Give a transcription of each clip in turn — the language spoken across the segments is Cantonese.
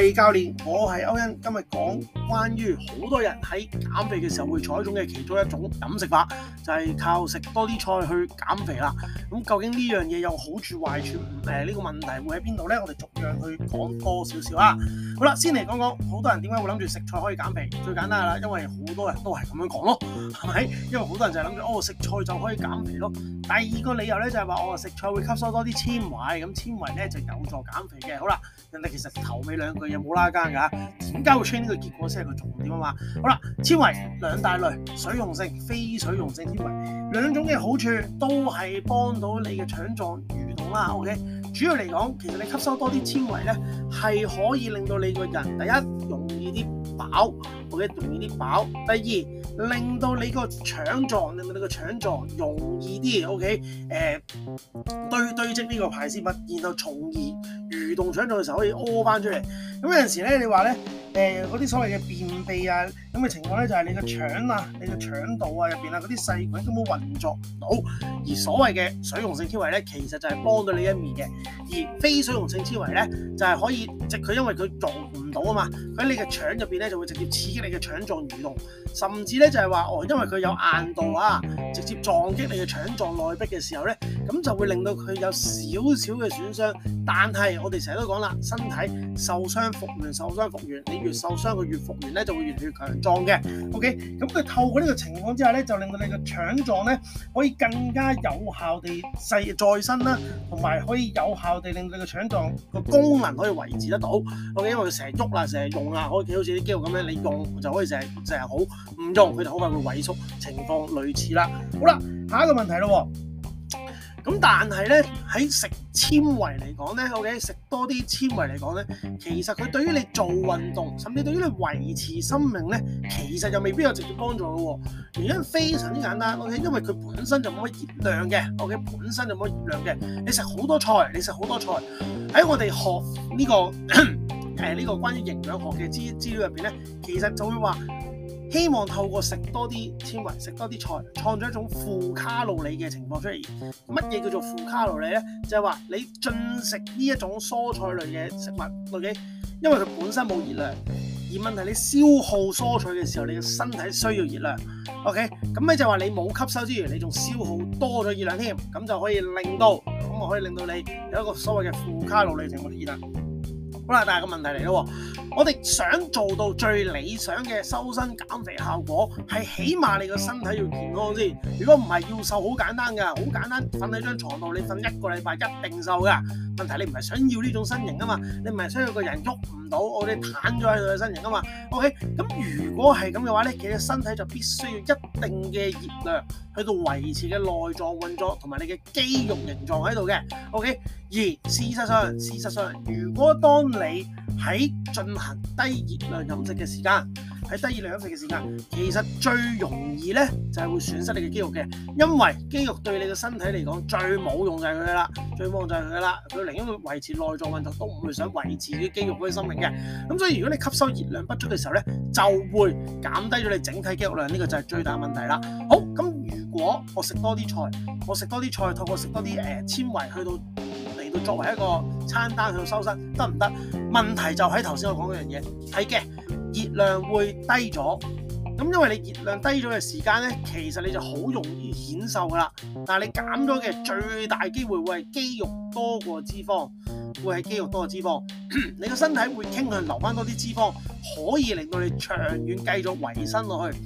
係教練，我係歐欣，今日講。關於好多人喺減肥嘅時候會採用嘅其中一種飲食法，就係靠食多啲菜去減肥啦。咁究竟呢樣嘢有好處壞處唔誒呢個問題會喺邊度咧？我哋逐樣去講多少少啦。好啦，先嚟講講好多人點解會諗住食菜可以減肥。最簡單啦，因為好多人都係咁樣講咯，係咪？因為好多人就係諗住哦，食菜就可以減肥咯。第二個理由咧就係話我食菜會吸收多啲纖維，咁纖維咧就有助減肥嘅。好啦，人哋其實頭尾兩句又冇拉更噶，點解會出現呢個結果？即係個重點啊嘛，好啦，纖維兩大類，水溶性、非水溶性纖維，兩種嘅好處都係幫到你嘅腸臟蠕動啦。OK，主要嚟講，其實你吸收多啲纖維咧，係可以令到你個人第一容易啲飽，okay? 或者容易啲飽；第二，令到你個腸臟令到你個腸臟容易啲。OK，誒、呃，堆堆積呢個排泄物，然後從而蠕動腸臟嘅時候可以屙翻出嚟。咁有陣時咧，你話咧。誒嗰啲所謂嘅便秘啊咁嘅情況咧，就係你個腸啊、你個腸道啊入面啊嗰啲細菌根本唔運作到，而所謂嘅水溶性纖維呢，其實就係幫到你一面嘅。而非水溶性纖維咧，就係、是、可以即佢、就是、因為佢做唔到啊嘛，佢喺你嘅腸入邊咧就會直接刺激你嘅腸臟蠕動，甚至咧就係話哦，因為佢有硬度啊，直接撞擊你嘅腸臟內壁嘅時候咧，咁就會令到佢有少少嘅損傷。但係我哋成日都講啦，身體受傷復原，受傷復原，你越受傷佢越復原咧，就會越嚟越強壯嘅。OK，咁佢透過呢個情況之下咧，就令到你嘅腸臟咧可以更加有效地細再生啦，同埋可以有效地。令你個腸臟個功能可以維持得到，OK？因為佢成日喐啦，成日用啊，好似好似啲肌肉咁樣，你用就可以成日好，唔用佢就好快會萎縮，情況類似啦。好啦，下一個問題啦喎。咁但係呢，喺食纖維嚟講呢，OK，食多啲纖維嚟講呢，其實佢對於你做運動，甚至對於你維持生命呢，其實又未必有直接幫助嘅喎。原因非常之簡單，OK，因為佢本身就冇乜熱量嘅，OK，本身就冇乜熱量嘅。你食好多菜，你食好多菜，喺我哋學呢個誒呢個關於營養學嘅資資料入面呢，其實就會話。希望透過食多啲纖維、食多啲菜，創咗一種負卡路里嘅情況出嚟。乜嘢叫做負卡路里咧？就係話你進食呢一種蔬菜類嘅食物，O K，因為佢本身冇熱量。而問題你消耗蔬菜嘅時候，你嘅身體需要熱量，O K，咁你就話你冇吸收之餘，你仲消耗多咗熱量添，咁就可以令到咁可以令到你有一個所謂嘅負卡路里情況出現。好啦，但係個問題嚟咯，我哋想做到最理想嘅修身減肥效果，係起碼你個身體要健康先。如果唔係，要瘦好簡單㗎，好簡單，瞓喺張床度，你瞓一個禮拜一定瘦㗎。問題你唔係想要呢種身形吖嘛，你唔係想要個人喐唔？我哋攤咗喺度嘅身形啊嘛，OK，咁如果係咁嘅話咧，其實身體就必須要一定嘅熱量去到維持嘅內臟運作，同埋你嘅肌肉形狀喺度嘅，OK，而事實上，事實上，如果當你喺進行低熱量飲食嘅時間。喺低熱量肥嘅時間，其實最容易呢就係、是、會損失你嘅肌肉嘅，因為肌肉對你嘅身體嚟講最冇用就係佢啦，最冇用就係佢啦，佢寧願去維持內臟運動，都唔會想維持你嘅肌肉嘅生命嘅。咁所以如果你吸收熱量不足嘅時候呢，就會減低咗你整體肌肉量，呢、這個就係最大的問題啦。好，咁如果我食多啲菜，我食多啲菜，透過食多啲誒纖維去到嚟到作為一個餐單去到收身得唔得？問題就喺頭先我講嗰樣嘢，係嘅。熱量會低咗，咁因為你熱量低咗嘅時間咧，其實你就好容易顯瘦㗎喇。但係你減咗嘅最大機會會係肌肉多過脂肪，會係肌肉多過脂肪， 你個身體會傾向留返多啲脂肪，可以令到你長遠繼續維生落去。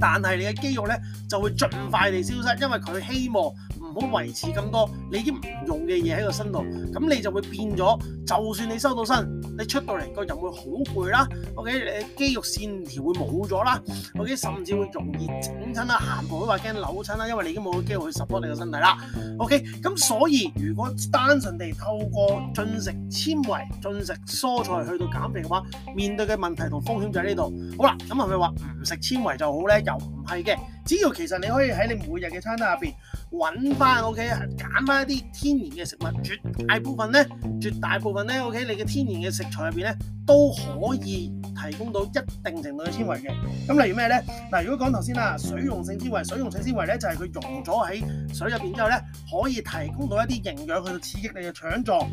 但係你嘅肌肉咧就會盡快地消失，因為佢希望。唔好維持咁多你已經唔，你啲唔用嘅嘢喺個身度，咁你就會變咗。就算你收到身，你出到嚟個人會好攰啦。O K，誒肌肉線條會冇咗啦。O、OK? K，甚至會容易整親啦、行步都話驚扭親啦，因為你已經冇個肌肉去 support 你個身體啦。O K，咁所以如果單純地透過進食纖維、進食蔬菜去到減肥嘅話，面對嘅問題同風險就喺呢度。好啦，咁係咪話唔食纖維就好咧？係嘅，只要其實你可以喺你每日嘅餐單入面揾翻，OK，揀翻一啲天然嘅食物，絕大部分咧，絕大部分咧，OK，你嘅天然嘅食材入面咧都可以提供到一定程度嘅纖維嘅。咁、啊、例如咩咧？嗱、啊，如果講頭先啦，水溶性纖維，水溶性纖維咧就係、是、佢溶咗喺水入面之後咧，可以提供到一啲營養去刺激你嘅腸臟。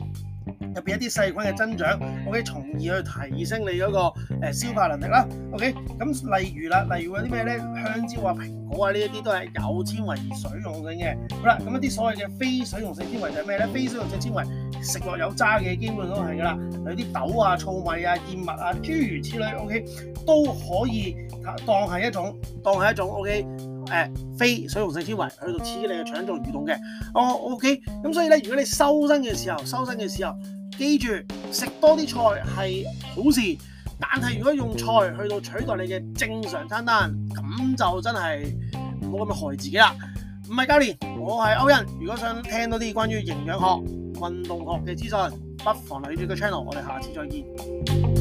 入邊一啲細菌嘅增長，OK，從而去提升你嗰個誒消化能力啦。OK，咁例如啦，例如有啲咩咧？香蕉啊、蘋果啊呢一啲都係有纖維而水溶性嘅。好啦，咁一啲所謂嘅非水溶性纖維就係咩咧？非水溶性纖維食落有渣嘅，基本上都係噶啦，有啲豆啊、糙米啊、燕麥啊諸如此類，OK，都可以當係一種，當係一種 OK。誒、呃，非水溶性纖維去到刺激你嘅腸道蠕動嘅，哦，OK，咁所以咧，如果你修身嘅時候，修身嘅時候，記住食多啲菜係好事，但係如果用菜去到取代你嘅正常餐單，咁就真係唔好咁樣害自己啦。唔係教練，我係歐恩，如果想聽多啲關於營養學、運動學嘅資訊，不妨留意住個 channel，我哋下次再見。